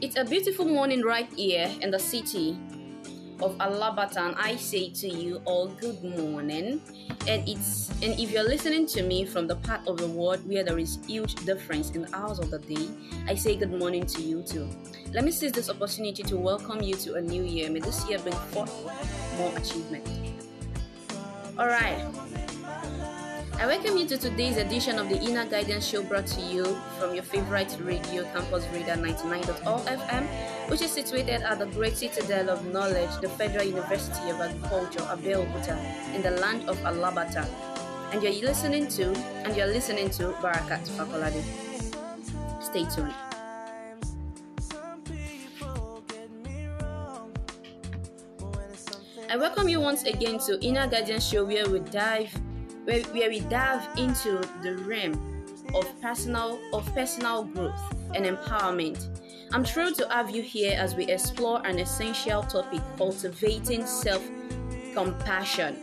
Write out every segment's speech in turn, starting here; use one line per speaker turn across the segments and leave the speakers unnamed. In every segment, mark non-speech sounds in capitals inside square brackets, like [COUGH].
It's a beautiful morning right here in the city of Alabatan. I say to you all good morning. And it's and if you're listening to me from the part of the world where there is huge difference in the hours of the day, I say good morning to you too. Let me seize this opportunity to welcome you to a new year. May this year bring forth more achievement. Alright. I welcome you to today's edition of the Inner Guidance Show brought to you from your favorite radio campus reader 99.0 FM, which is situated at the Great Citadel of Knowledge, the Federal University of Agriculture, Abeokuta, in the land of Alabata. And you're listening to, and you're listening to Barakat Fakolade. Stay tuned. I welcome you once again to Inner Guidance Show where we dive where, we dive into the realm of personal of personal growth and empowerment. I'm thrilled to have you here as we explore an essential topic cultivating self-compassion.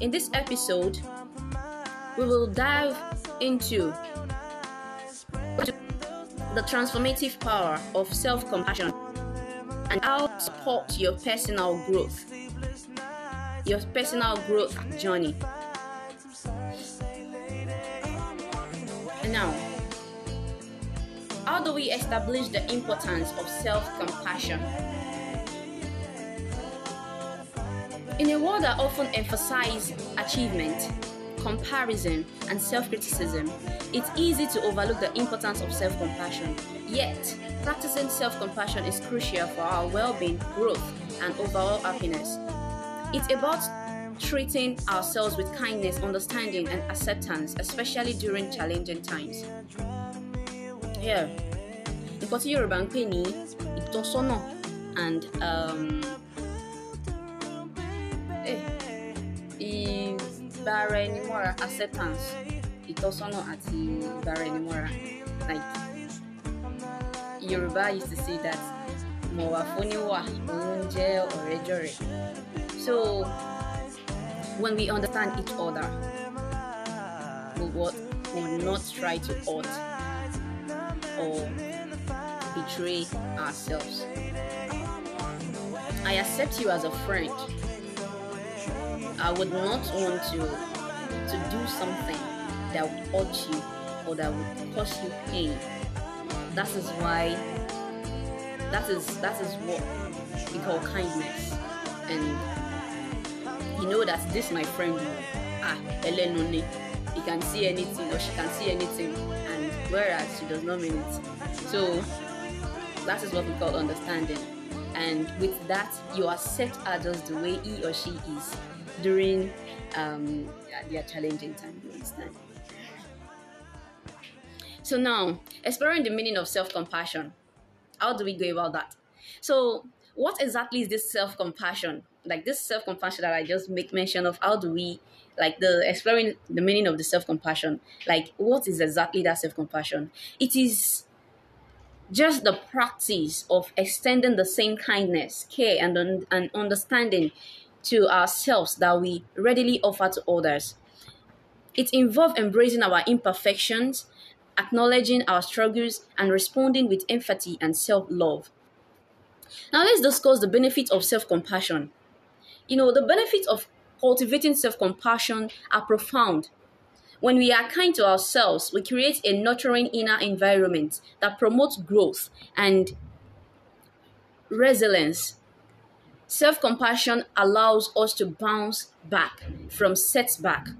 In this episode, we will dive into the transformative power of self-compassion and how to support your personal growth. Your personal growth journey. Now, how do we establish the importance of self compassion? In a world that often emphasizes achievement, comparison, and self criticism, it's easy to overlook the importance of self compassion. Yet, practicing self compassion is crucial for our well being, growth, and overall happiness. It's about treating ourselves with kindness, understanding, and acceptance, especially during challenging times. Yeah. Nǹkan tí Yorùbá ń pè ní ìtọ́sọ́nà and um, eh, ìbáraẹnimọ́ra acceptance ìtọ́sọ́nà àti ìbáraẹnimọ́ra like Yorùbá used to say that mọ̀wá fúnníwà òun jẹ́ ọ̀rẹ́jọ̀rẹ́ so when we understand each other, we will, will not try to hurt or betray ourselves. I accept you as a friend. I would not want to to do something that would hurt you or that would cause you pain. That is why that is that is what we call kindness and he know that this my friend ah elenone he can see anything or she can see anything and whereas she does not mean it so that is what we call understanding and with that you accept others the way he or she is during um, their challenging time you understand so now exploring the meaning of self-compassion how do we go about that so what exactly is this self compassion? Like this self compassion that I just make mention of. How do we like the exploring the meaning of the self compassion? Like what is exactly that self compassion? It is just the practice of extending the same kindness, care, and and understanding to ourselves that we readily offer to others. It involves embracing our imperfections, acknowledging our struggles, and responding with empathy and self love. Now let's discuss the benefits of self-compassion. You know, the benefits of cultivating self-compassion are profound. When we are kind to ourselves, we create a nurturing inner environment that promotes growth and resilience. Self compassion allows us to bounce back from setbacks,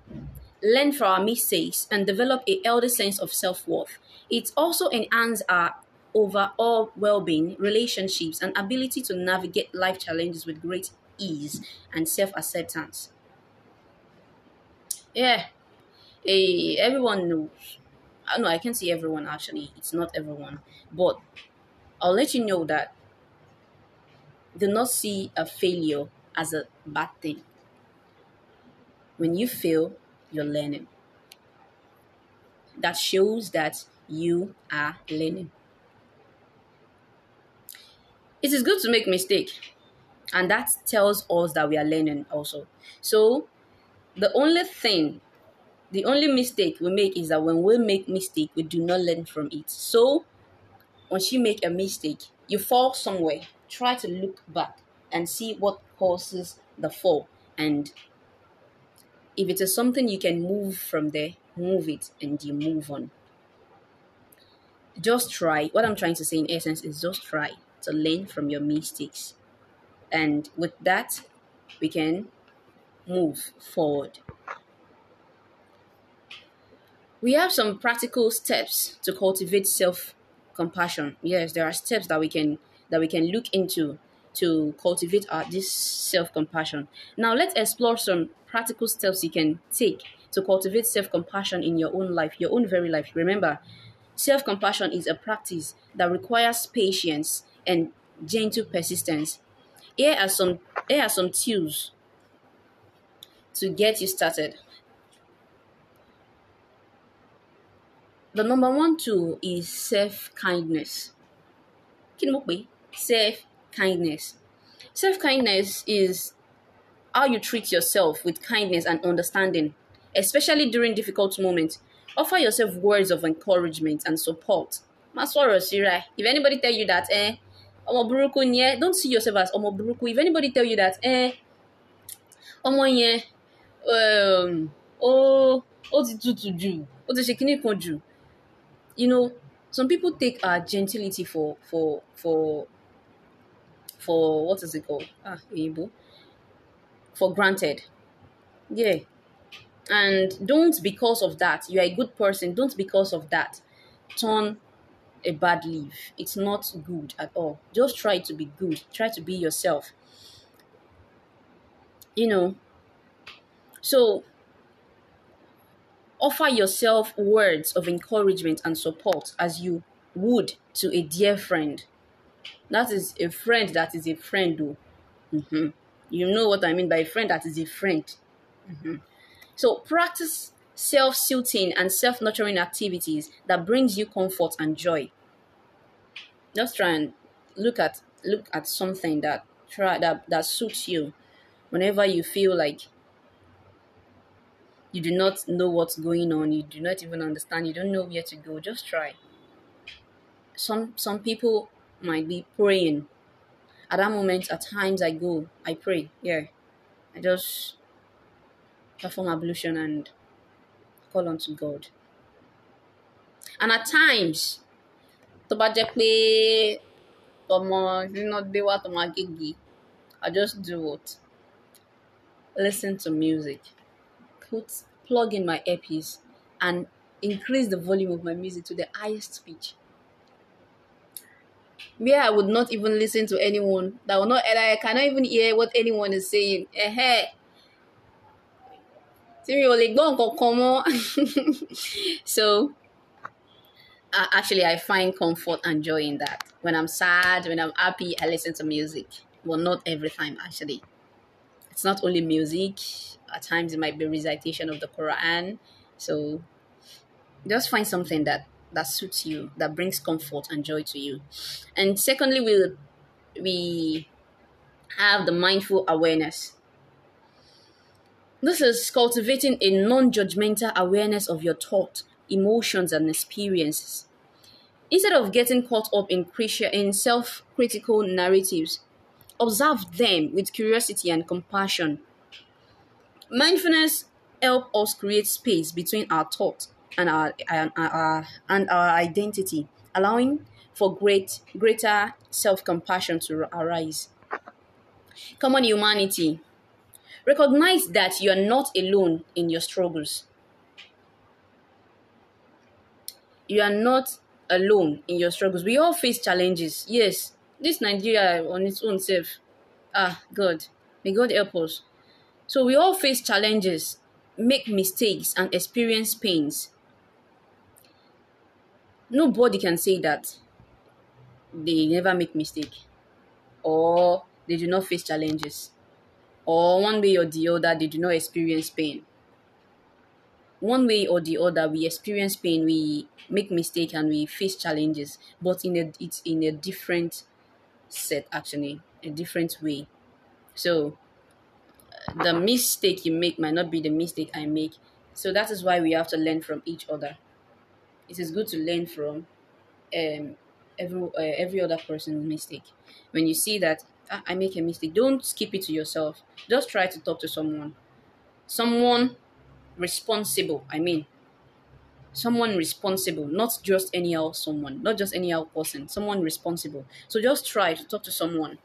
learn from our mistakes, and develop a healthy sense of self worth. It also enhances our overall well being, relationships, and ability to navigate life challenges with great ease and self acceptance. Yeah, hey, everyone knows. No, I can't everyone actually, it's not everyone, but I'll let you know that do not see a failure as a bad thing. When you fail, you're learning. That shows that you are learning it is good to make mistake and that tells us that we are learning also so the only thing the only mistake we make is that when we make mistake we do not learn from it so once you make a mistake you fall somewhere try to look back and see what causes the fall and if it is something you can move from there move it and you move on just try what i'm trying to say in essence is just try to learn from your mistakes. And with that, we can move forward. We have some practical steps to cultivate self compassion. Yes, there are steps that we can that we can look into to cultivate our, this self compassion. Now, let's explore some practical steps you can take to cultivate self compassion in your own life, your own very life. Remember, self compassion is a practice that requires patience and gentle persistence. Here are some here are some tools to get you started. The number one tool is self kindness. Self kindness. Self kindness is how you treat yourself with kindness and understanding, especially during difficult moments. Offer yourself words of encouragement and support. If anybody tell you that, eh, ọmọ burúkú ni don't see yourself as ọmọ burúkú if anybody tell you that eh, ọmọ yẹn um, ó ó ti tutù jù ó ti ṣe kinní kan jù you know some people take our gentility for for for for what is it called ah oyinbo for granted yeah and don't because of that you are a good person don't because of that turn a bad leaf. It's not good at all. Just try to be good. Try to be yourself. You know. So offer yourself words of encouragement and support as you would to a dear friend. That is a friend that is a friend, though. Mm-hmm. You know what I mean by a friend that is a friend. Mm-hmm. So practice self soothing, and self nurturing activities that brings you comfort and joy. Just try and look at look at something that try that, that suits you whenever you feel like you do not know what's going on, you do not even understand, you don't know where to go, just try. Some some people might be praying. At that moment, at times I go, I pray, yeah. I just perform ablution and call unto God. And at times, tó bá I just do what? Listen to music. Put plug in my earpiece and increase the volume of my music to the highest pitch. Where I would not even listen to anyone, that will not, I cannot even hear what anyone is saying. Eh, tí really go lè gbọ́ [LAUGHS] so uh, actually I find comfort and joy in that when I'm sad when I'm happy I listen to music Well, not every time actually it's not only music at times it might be recitation of the Quran so just find something that that suits you that brings comfort and joy to you and secondly we we have the mindful awareness this is cultivating a non judgmental awareness of your thought, emotions, and experiences. Instead of getting caught up in, in self critical narratives, observe them with curiosity and compassion. Mindfulness helps us create space between our thought and our, and our, uh, and our identity, allowing for great, greater self compassion to arise. Common humanity Recognize that you are not alone in your struggles. You are not alone in your struggles. We all face challenges. Yes, this Nigeria on its own self. Ah, God. May God help us. So we all face challenges, make mistakes, and experience pains. Nobody can say that they never make mistake or they do not face challenges or one way or the other they do not experience pain one way or the other we experience pain we make mistake and we face challenges but in a it's in a different set actually a different way so uh, the mistake you make might not be the mistake i make so that is why we have to learn from each other it is good to learn from um, every uh, every other person's mistake when you see that I make a mistake. Don't keep it to yourself. Just try to talk to someone. Someone responsible, I mean. Someone responsible, not just any old someone, not just any old person, someone responsible. So just try to talk to someone.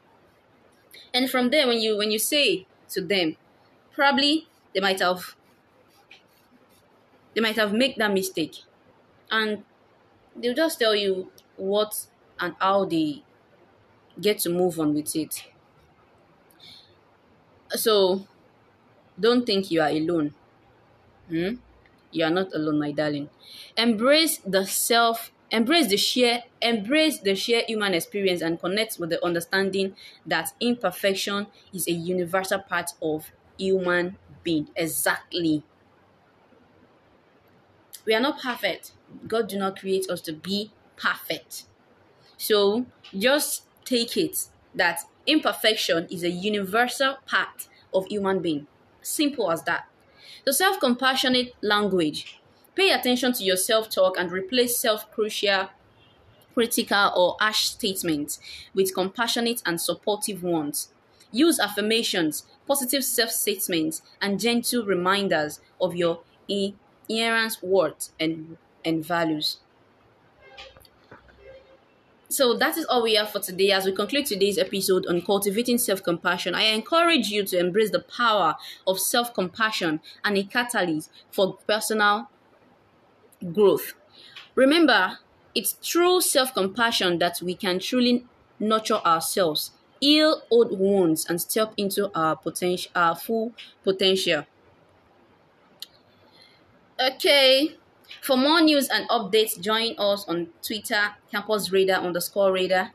And from there when you when you say to them, probably they might have they might have made that mistake. And they'll just tell you what and how they get to move on with it. So don't think you are alone. Hmm? You are not alone, my darling. Embrace the self, embrace the share, embrace the sheer human experience and connect with the understanding that imperfection is a universal part of human being. Exactly. We are not perfect. God did not create us to be perfect. So just take it that imperfection is a universal part of human being. Simple as that. The self compassionate language. Pay attention to your self talk and replace self crucial, critical, or harsh statements with compassionate and supportive ones. Use affirmations, positive self statements, and gentle reminders of your inherent worth and, and values. So that is all we have for today. As we conclude today's episode on cultivating self compassion, I encourage you to embrace the power of self compassion and a catalyst for personal growth. Remember, it's through self compassion that we can truly nurture ourselves, heal old wounds, and step into our, potential, our full potential. Okay. For more news and updates, join us on Twitter, Campus Radar underscore Radar.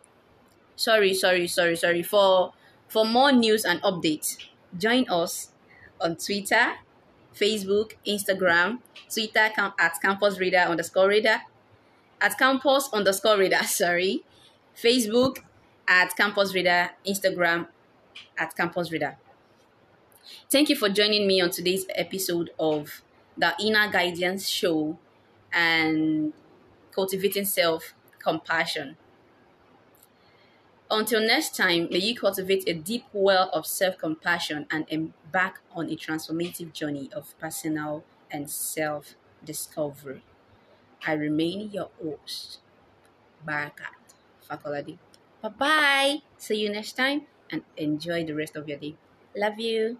Sorry, sorry, sorry, sorry. For for more news and updates, join us on Twitter, Facebook, Instagram, Twitter cam- at Campus Radar underscore Radar, at Campus underscore Radar. [LAUGHS] Sorry, Facebook at Campus Radar, Instagram at Campus Radar. Thank you for joining me on today's episode of the inner guidance show and cultivating self compassion. Until next time, may you cultivate a deep well of self compassion and embark on a transformative journey of personal and self discovery. I remain your host, Barakat Fakoladi. Bye bye. See you next time and enjoy the rest of your day. Love you.